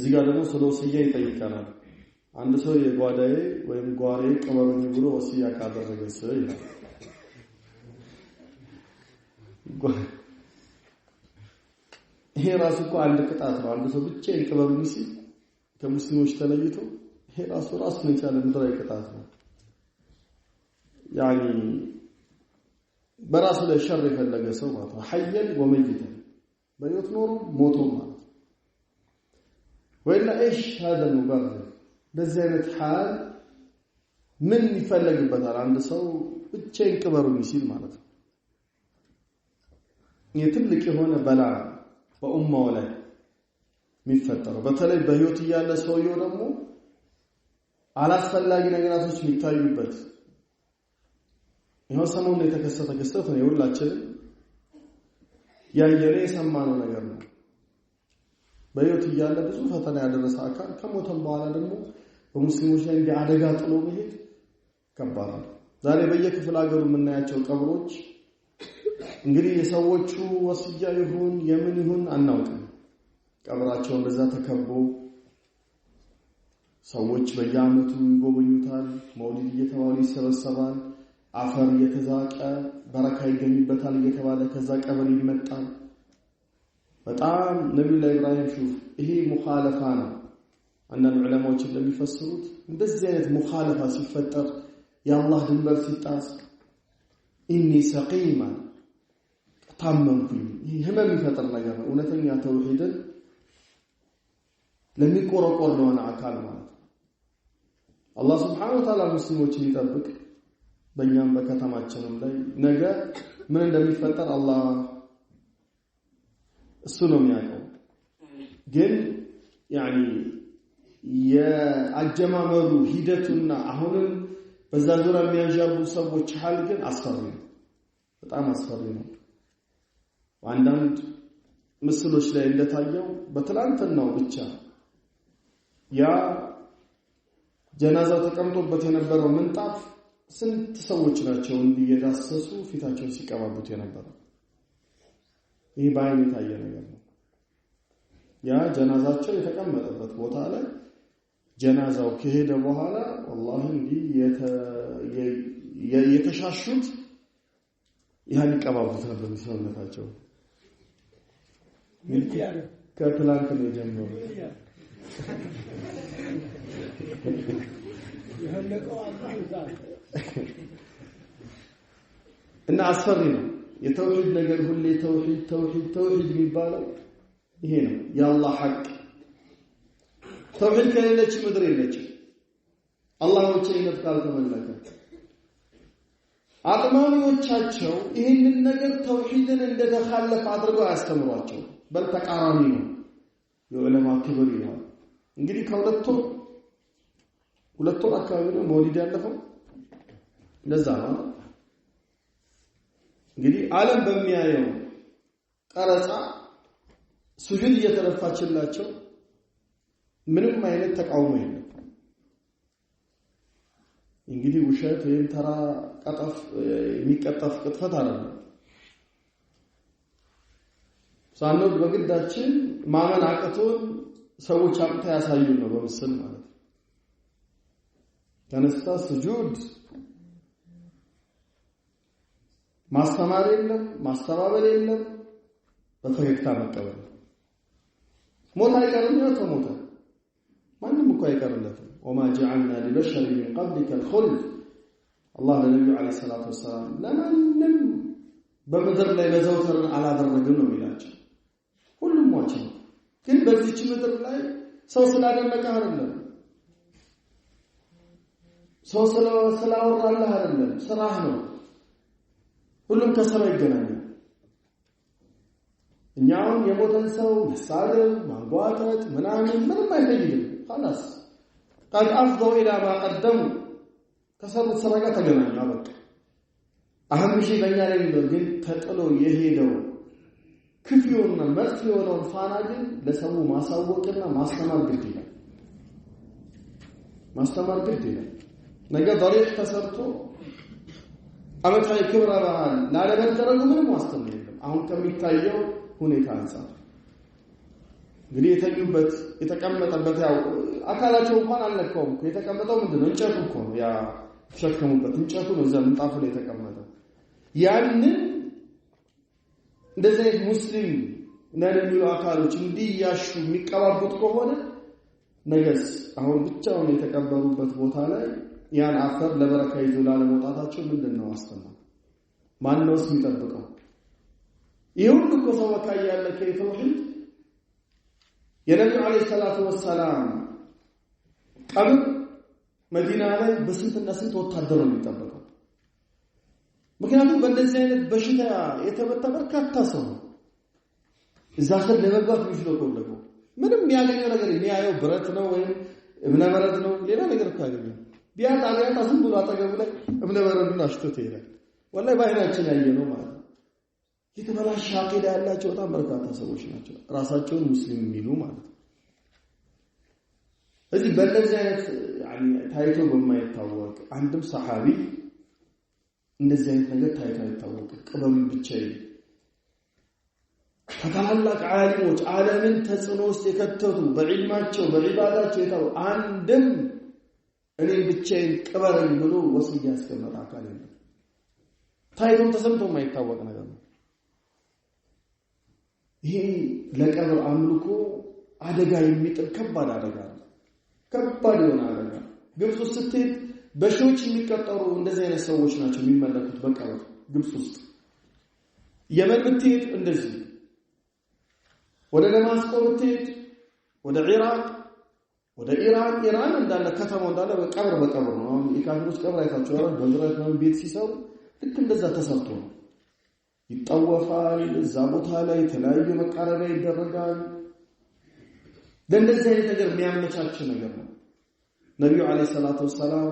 እዚህ ጋር ደግሞ ስለ ወስያ ይጠይቀናል። አንድ ሰው የጓዳዬ ወይም ጓሬ ቅበሩኝ ብሎ ወስያ ካደረገ ስ ይላል ይሄ ራሱ እኮ አንድ ቅጣት ነው። አንድ ሰው ብቻ ይቅበሩኝ ሲል ከሙስሊሞች ተለይቶ ይሄ ራሱ ራሱን የቻለ ምድራዊ ቅጣት ነው። ያኒ በራሱ ላይ ሸር የፈለገ ሰው ማለት ነው። ሐየን ወመይተን በሕይወት ኖሮ ሞቶም ማለት ወይነዒሽ ሀደ ሙበርር በዚህ አይነት ሓል ምን ይፈለግበታል? አንድ ሰው ብቻዬን ቅበሩኝ ሲል ማለት ነው። የትልቅ የሆነ በላ በኡማው ላይ የሚፈጠረው በተለይ በህይወት እያለ ሰውየው ደግሞ አላስፈላጊ ነገራቶች የሚታዩበት ይኸው ሰሞኑን የተከሰተ ክስተት ነው። የሁላችንም ያየነ የሰማነው ነገር ነው። በህይወት እያለ ብዙ ፈተና ያደረሰ አካል ከሞተም በኋላ ደግሞ በሙስሊሞች ላይ እንዲህ አደጋ ጥሎ መሄድ ከባድ ነው። ዛሬ በየክፍለ ሀገሩ የምናያቸው ቀብሮች እንግዲህ የሰዎቹ ወስያ ይሁን የምን ይሁን አናውቅም። ቀብራቸው እንደዛ ተከቦ ሰዎች በየአመቱ ይጎበኙታል። መውሊድ እየተባሉ ይሰበሰባል። አፈር እየተዛቀ በረካ ይገኝበታል እየተባለ ከዛ ቀብር ይመጣል። በጣም ነቢዩላህ ኢብራሂም ሹፍ ይሄ ሙኻለፋ ነው። አንዳንድ ዑለማዎች እንደሚፈስሩት እንደዚህ አይነት ሙኻለፋ ሲፈጠር የአላህ ድንበር ሲጣስ ኢኒ ሰቂም ታመምኩኝ። ህመም የሚፈጥር ነገር ነው። እውነተኛ ተውሂድን ለሚቆረቆር ለሆነ አካል ማለት ነው። አላህ ስብሓነሁ ወተዓላ ሙስሊሞችን ይጠብቅ። በእኛም በከተማችንም ላይ ነገ ምን እንደሚፈጠር አላህ እሱ ነው የሚያውቀው። ግን ያኒ የአጀማመሩ ሂደቱና አሁንም በዛ ዙሪያ የሚያዣቡ ሰዎች ሀል ግን አስፈሪ ነው፣ በጣም አስፈሪ ነው። አንዳንድ ምስሎች ላይ እንደታየው በትላንትናው ብቻ ያ ጀናዛ ተቀምጦበት የነበረው ምንጣፍ ስንት ሰዎች ናቸው እንዲህ ፊታቸው ፊታቸውን ሲቀባቡት የነበረው ይህ በአይን የታየ ነገር ነው። ያ ጀናዛቸው የተቀመጠበት ቦታ ላይ ጀናዛው ከሄደ በኋላ ወላሂ እንዲህ የተሻሹት ያን ይቀባቡት ነበር ሰውነታቸው። ከትላንት ነው የጀመሩት። እና አስፈሪ ነው። የተውሂድ ነገር ሁሌ ተውሂድ ተውሂድ ተውሂድ የሚባለው ይሄ ነው የአላህ ሐቅ። ተውሂድ ከሌለች ምድር የለችም። አላህ ብቸኝነት ካልተመለከ አጥማሚዎቻቸው ይህንን ነገር ተውሂድን እንደተካለፈ አድርገው አያስተምሯቸው። በተቃራኒ ነው የዑለማ ክብር ይላል። እንግዲህ ከሁለት ሁለቱ አካባቢ ነው መውሊድ ያለፈው። ለዛ ነው እንግዲህ ዓለም በሚያየው ቀረጻ ስጁድ እየተለፋችላቸው ምንም አይነት ተቃውሞ የለም። እንግዲህ ውሸት ወይም ተራ ቀጠፍ የሚቀጠፍ ቅጥፈት አይደለም። ሳንወድ በግዳችን ማመን አቅቶን ሰዎች አቅታ ያሳዩ ነው በምስል ማለት ነው። ተነስታ ስጁድ ማስተማር የለም፣ ማስተባበል የለም፣ በፈገግታ መቀበል። ሞት ነው ተሞተ ማንም እኮ አይቀርለትም። ወማ ጀዐልና ሊበሸሪ ሚን ቀብሊከ አልኹልድ አላህ ለነቢዩ ዓለይሂ ሰላቱ ወሰላም ለማንም በምድር ላይ በዘውተርን አላደረግም ነው የሚላቸው። ሁሉም ሟች ነው። ግን በዚች ምድር ላይ ሰው ስላደነቀህ አይደለም፣ ሰው ስላወራለህ አይደለም፣ ስራህ ነው። ሁሉም ከሰማይ ይገናኛል። እኛውን የሞተን ሰው መሳደብ፣ ማንጓጠጥ ምናምን ምንም አይለይም። ላስ ቀድ አፍደው ኢላ ማ ቀደሙ ከሰሩት ስራ ጋር ተገናኙ። አበቃ። አህም ሺ በእኛ ላይ ሚለው ግን ተጥሎ የሄደው ክፍዩና መጥፍ የሆነውን ፋና ግን ለሰው ማሳወቅና ማስተማር ግድ ይላል። ማስተማር ግድ ይላል። ነገ በሬት ተሰርቶ ዓመታዊ ክብረ በዓል ላለመደረጉ ምንም ዋስትና የለም። አሁን ከሚታየው ሁኔታ አንጻር እንግዲህ የተኙበት የተቀመጠበት ያው አካላቸው እንኳን አልነካውም። የተቀመጠው ምንድን ነው? እንጨቱ እኮ ነው ያ ተሸከሙበት እንጨቱ ነው እዛ ምንጣፉ ላይ የተቀመጠው። ያንን እንደዚህ አይነት ሙስሊም ነን የሚሉ አካሎች እንዲህ እያሹ የሚቀባቡት ከሆነ ነገስ አሁን ብቻውን የተቀበሩበት ቦታ ላይ ያን አፈር ለበረካ ይዞ ላለመውጣታቸው ምንድን ነው ማን ነው የሚጠብቀው? ይህ ሁሉ እኮ ሰበካ እያለ የተውሒድ የነቢዩ ዓለይሂ ሰላቱ ወሰላም ቀብር መዲና ላይ በስንትና ስንት ወታደር ነው የሚጠበቀው? ምክንያቱም በእንደዚህ አይነት በሽታ የተመታ በርካታ ሰው ነው እዛ ስር ለመግባት የሚችለው ተወለቀው ምንም ያገኘው ነገር የሚያየው ብረት ነው ወይም እብነበረድ ነው። ሌላ ነገር እኮ ያገኘው ቢያጣ ቢያጣ ዝም ብሎ አጠገቡ ላይ እብነበረዱን አሽቶት ይሄዳል። ወላሂ በአይናችን ያየ ነው ማለት ነው። የተበላሸ አቂዳ ያላቸው በጣም በርካታ ሰዎች ናቸው፣ ራሳቸውን ሙስሊም የሚሉ ማለት ነው። እዚህ በእንደዚህ አይነት ታይቶ በማይታወቅ አንድም ሰሓቢ እንደዚህ አይነት ነገር ታይቶ አይታወቅ። ቅበም ብቻ ከታላላቅ ዓሊሞች ዓለምን ተጽዕኖ ውስጥ የከተቱ በዒልማቸው በዒባዳቸው የታወቁ አንድም እኔም ብቻዬን ቅበረኝ ብሎ ወስድ ያስቀመጠ አካል የለም። ታይቶም ተሰምቶ የማይታወቅ ነገር ነው። ይሄ ለቀብር አምልኮ አደጋ የሚጥል ከባድ አደጋ ነው። ከባድ የሆነ አደጋ ግብፅ ውስጥ ስትሄድ በሺዎች የሚቀጠሩ እንደዚህ አይነት ሰዎች ናቸው የሚመለኩት በቀብር ግብፅ ውስጥ። የመን ብትሄድ እንደዚህ፣ ወደ ደማስቆ ብትሄድ፣ ወደ ኢራቅ ወደ ኢራን ኢራን እንዳለ ከተማው እንዳለ ቀብር በቀብር ነው። አሁን የካፊሮች ቀብር አይታችሁ ያለው ነው ቤት ሲሰሩ ልክ እንደዛ ተሰርቶ ነው። ይጠወፋል። እዛ ቦታ ላይ የተለያዩ መቃረቢያ ይደረጋል። ለእንደዚህ አይነት ነገር የሚያመቻች ነገር ነው። ነቢዩ ዓለይሂ ሰላቱ ወሰላም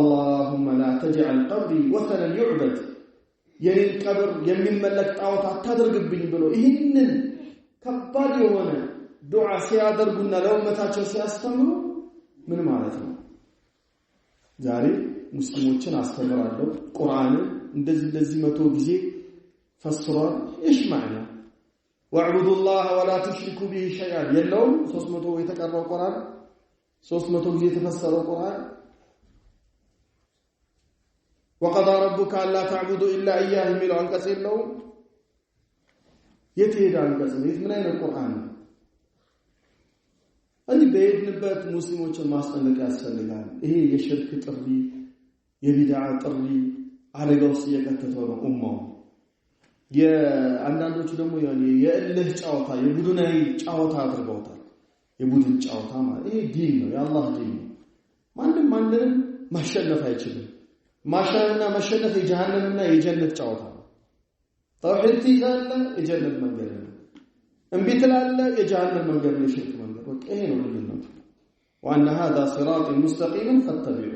አላሁመ ላ ተጅዐል ቀብሪ ወሰነን ዩዕበድ፣ የኔን ቀብር የሚመለክ ጣዖት አታደርግብኝ ብሎ ይህንን ከባድ የሆነ ዱዓ ሲያደርጉና ለውመታቸው ሲያስተምሩ ምን ማለት ነው? ዛሬ ሙስሊሞችን አስተምራለሁ ቁርአንን እንደዚህ እንደዚህ መቶ ጊዜ ፈስሯል። እሽ ማዕና ወዕቡዱ ላህ ወላ ትሽሪኩ ቢሂ ሸይአን የለውም? ሶስት መቶ የተቀረው ቁርአን ሶስት መቶ ጊዜ የተፈሰረው ቁርአን ወቀዳ ረቡከ አላ ተዕቡዱ ኢላ እያህ የሚለው አንቀጽ የለውም? የት ይሄዳል? አንቀጽ የት ምን አይነት ቁርአን ነው? እንዲህ በሄድንበት ሙስሊሞችን ማስጠንቀቅ ያስፈልጋል። ይሄ የሽርክ ጥሪ፣ የቢድዓ ጥሪ አደጋ ውስጥ እየቀተተው ነው ኡማው። የአንዳንዶቹ ደግሞ የእልህ ጨዋታ፣ የቡድናዊ ጨዋታ አድርገውታል። የቡድን ጨዋታ ማለት ይሄ ዲን ነው፣ የአላህ ዲን ነው። ማንም ማንንም ማሸነፍ አይችልም። ማሻርና መሸነፍ የጀሃነምና የጀነት ጨዋታ ነው። ተውሂድ ትይዛለህ፣ የጀነት መንገድ ነው። እምቢ ትላለህ፣ የጀሃነም መንገድ ነው፣ ሽርክ መንገድ ይሄ ነው ልዩነቱ። ወአነ ሃዛ ሲራጢ ሙስተቂምን ፈተቢዑ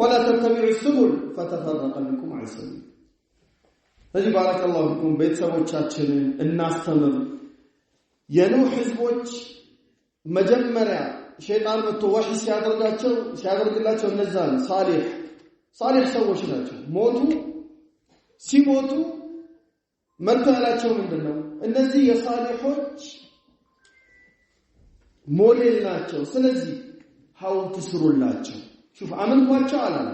ወላ ተተቢዑ ሱቡል ፈተፈረቀ ቢኩም ዐን ሰቢል። ስለዚህ ባረከላሁ ፊኩም ቤተሰቦቻችንን እናስተምር። የኑህ ህዝቦች መጀመሪያ ሸይጣን መጥቶ ወሒ ሲያደርጋቸው ሲያደርግላቸው እነዛን ሳሌሕ ሳሌሕ ሰዎች ናቸው። ሞቱ። ሲሞቱ መጥቶ ያላቸው ምንድን ነው? እነዚህ የሳሌሖች ሞዴል ናቸው። ስለዚህ ሐውልት ስሩላቸው። ሹፍ አመንኳቸው አላለ።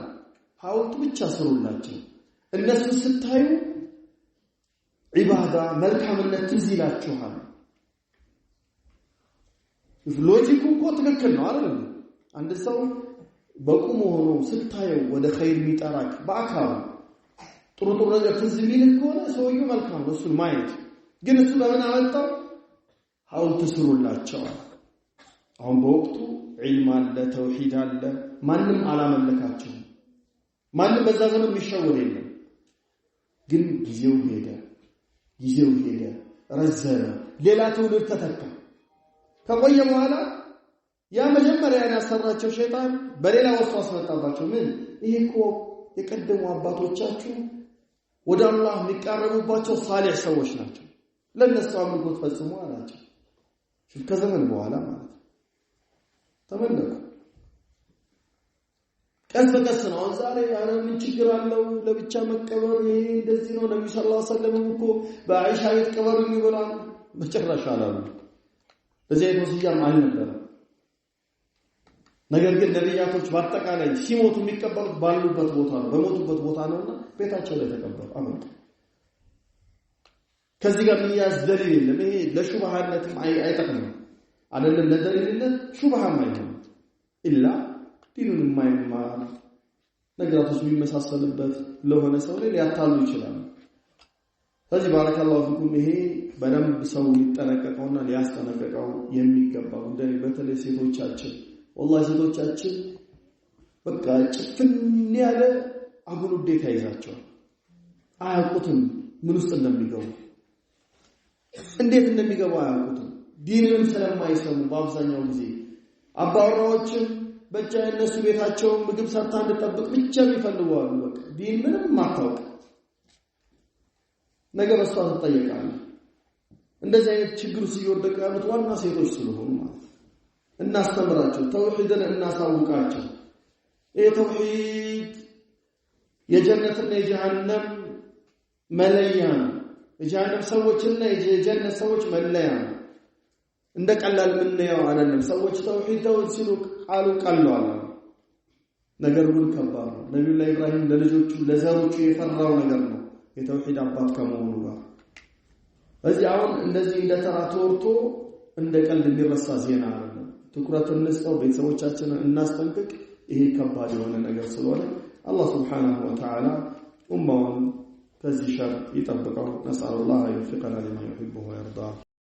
ሐውልት ብቻ ስሩላቸው። እነሱ ስታዩ ዒባዳ መልካምነት ትዝ ይላችኋል። ሎጂኩ እኮ ትክክል ነው አይደል? አንድ ሰው በቁሙ ሆኖ ስታየው ወደ ኸይር የሚጠራክ በአካሉ ጥሩ ጥሩ ነገር ትዝ የሚል ከሆነ ሰውየው መልካም ነው እሱን ማየት። ግን እሱ በምን አመጣው? ሐውልት ስሩላቸዋል አሁን በወቅቱ ዒልም አለ፣ ተውሂድ አለ። ማንም አላመለካችሁም። ማንም በዛ ዘመን የሚሸወር የለም። ግን ጊዜው ሄደ፣ ጊዜው ሄደ፣ ረዘመ፣ ሌላ ትውልድ ተተካ። ከቆየ በኋላ ያ መጀመሪያን ያሰራቸው ሸይጣን በሌላ ወስቶ አስመጣባቸው። ምን ይህ እኮ የቀደሙ አባቶቻችሁ ወደ አላህ የሚቃረቡባቸው ሳሊህ ሰዎች ናቸው፣ ለነሱ አምልኮት ፈጽሞ አላቸው ከዘመን በኋላ ማለት ተመለከ ቀስ በቀስ ነው። አሁን ዛሬ አረ ምን ችግር አለው ለብቻ መቀበር፣ ይሄ እንደዚህ ነው። ነብዩ ሰለላሁ ዐለይሂ ወሰለም እኮ በአይሻ ቤት ቅበሩኝ ይብላል። በጭራሽ አላሉ። በዚያ ማን ነበር? ነገር ግን ነቢያቶች በአጠቃላይ ሲሞቱ የሚቀበሩት ባሉበት ቦታ ነው፣ በሞቱበት ቦታ ነውና ቤታቸው ላይ ተቀበሩ። አሁን ከዚህ ጋር የሚያዝ ደሊል የለም። ይሄ ለሹብሃነትም አይጠቅምም። አይደለም ለዘሪነት ሹብሃም አይሆን ኢላ ዲኑን የማይማር ነገራቶች የሚመሳሰልበት ለሆነ ሰው ላይ ሊያታሉ ይችላል። ስለዚህ ባረከላሁ ፊኩም ይሄ በደንብ ሰው ሊጠነቀቀውና ሊያስጠነቀቀው የሚገባው ጉዳይ በተለይ ሴቶቻችን ወላሂ ሴቶቻችን በቃ ጭፍን ያለ አጉል ውዴታ ይዛቸዋል። አያውቁትም ምን ውስጥ እንደሚገቡ እንዴት እንደሚገቡ አያውቁትም። ዲንንም ስለማይሰሙ በአብዛኛው ጊዜ አባወራዎችን ብቻ የነሱ ቤታቸውን ምግብ ሰርታ እንድጠብቅ ብቻ ይፈልጓሉ። በቃ ዲን ምንም ማታውቅ ነገ በሷ ትጠየቃለህ። እንደዚህ አይነት ችግር ውስጥ ያሉት ዋና ሴቶች ስለሆኑ ማለት እናስተምራቸው፣ ተውሂድን እናሳውቃቸው። ይህ ተውሂድ የጀነትና የጀሃነም መለያ ነው። የጀሃነም ሰዎችና የጀነት ሰዎች መለያ ነው። እንደ ቀላል የምናየው አይደለም። ሰዎች ተውሂድ ተውሂድ ሲሉ ቃሉ ቀላል ነገር ግን ከባድ ነው። ነቢዩላህ ኢብራሂም ለልጆቹ ለዘሮቹ የፈራው ነገር ነው የተውሂድ አባት ከመሆኑ ጋር። በዚህ አሁን እንደዚህ እንደ ተራ ተወርቶ እንደ ቀልድ የሚረሳ ዜና አለ። ትኩረት እንስጠው፣ ቤተሰቦቻችንን እናስጠንቅቅ። ይሄ ከባድ የሆነ ነገር ስለሆነ አላህ ሱብሓነሁ ወተዓላ ኡማውን ከዚህ ሸር ይጠብቀው። ነስአሉላህ አን ዩንፊቀና ሊማ ዩሒቡ ወየርዳ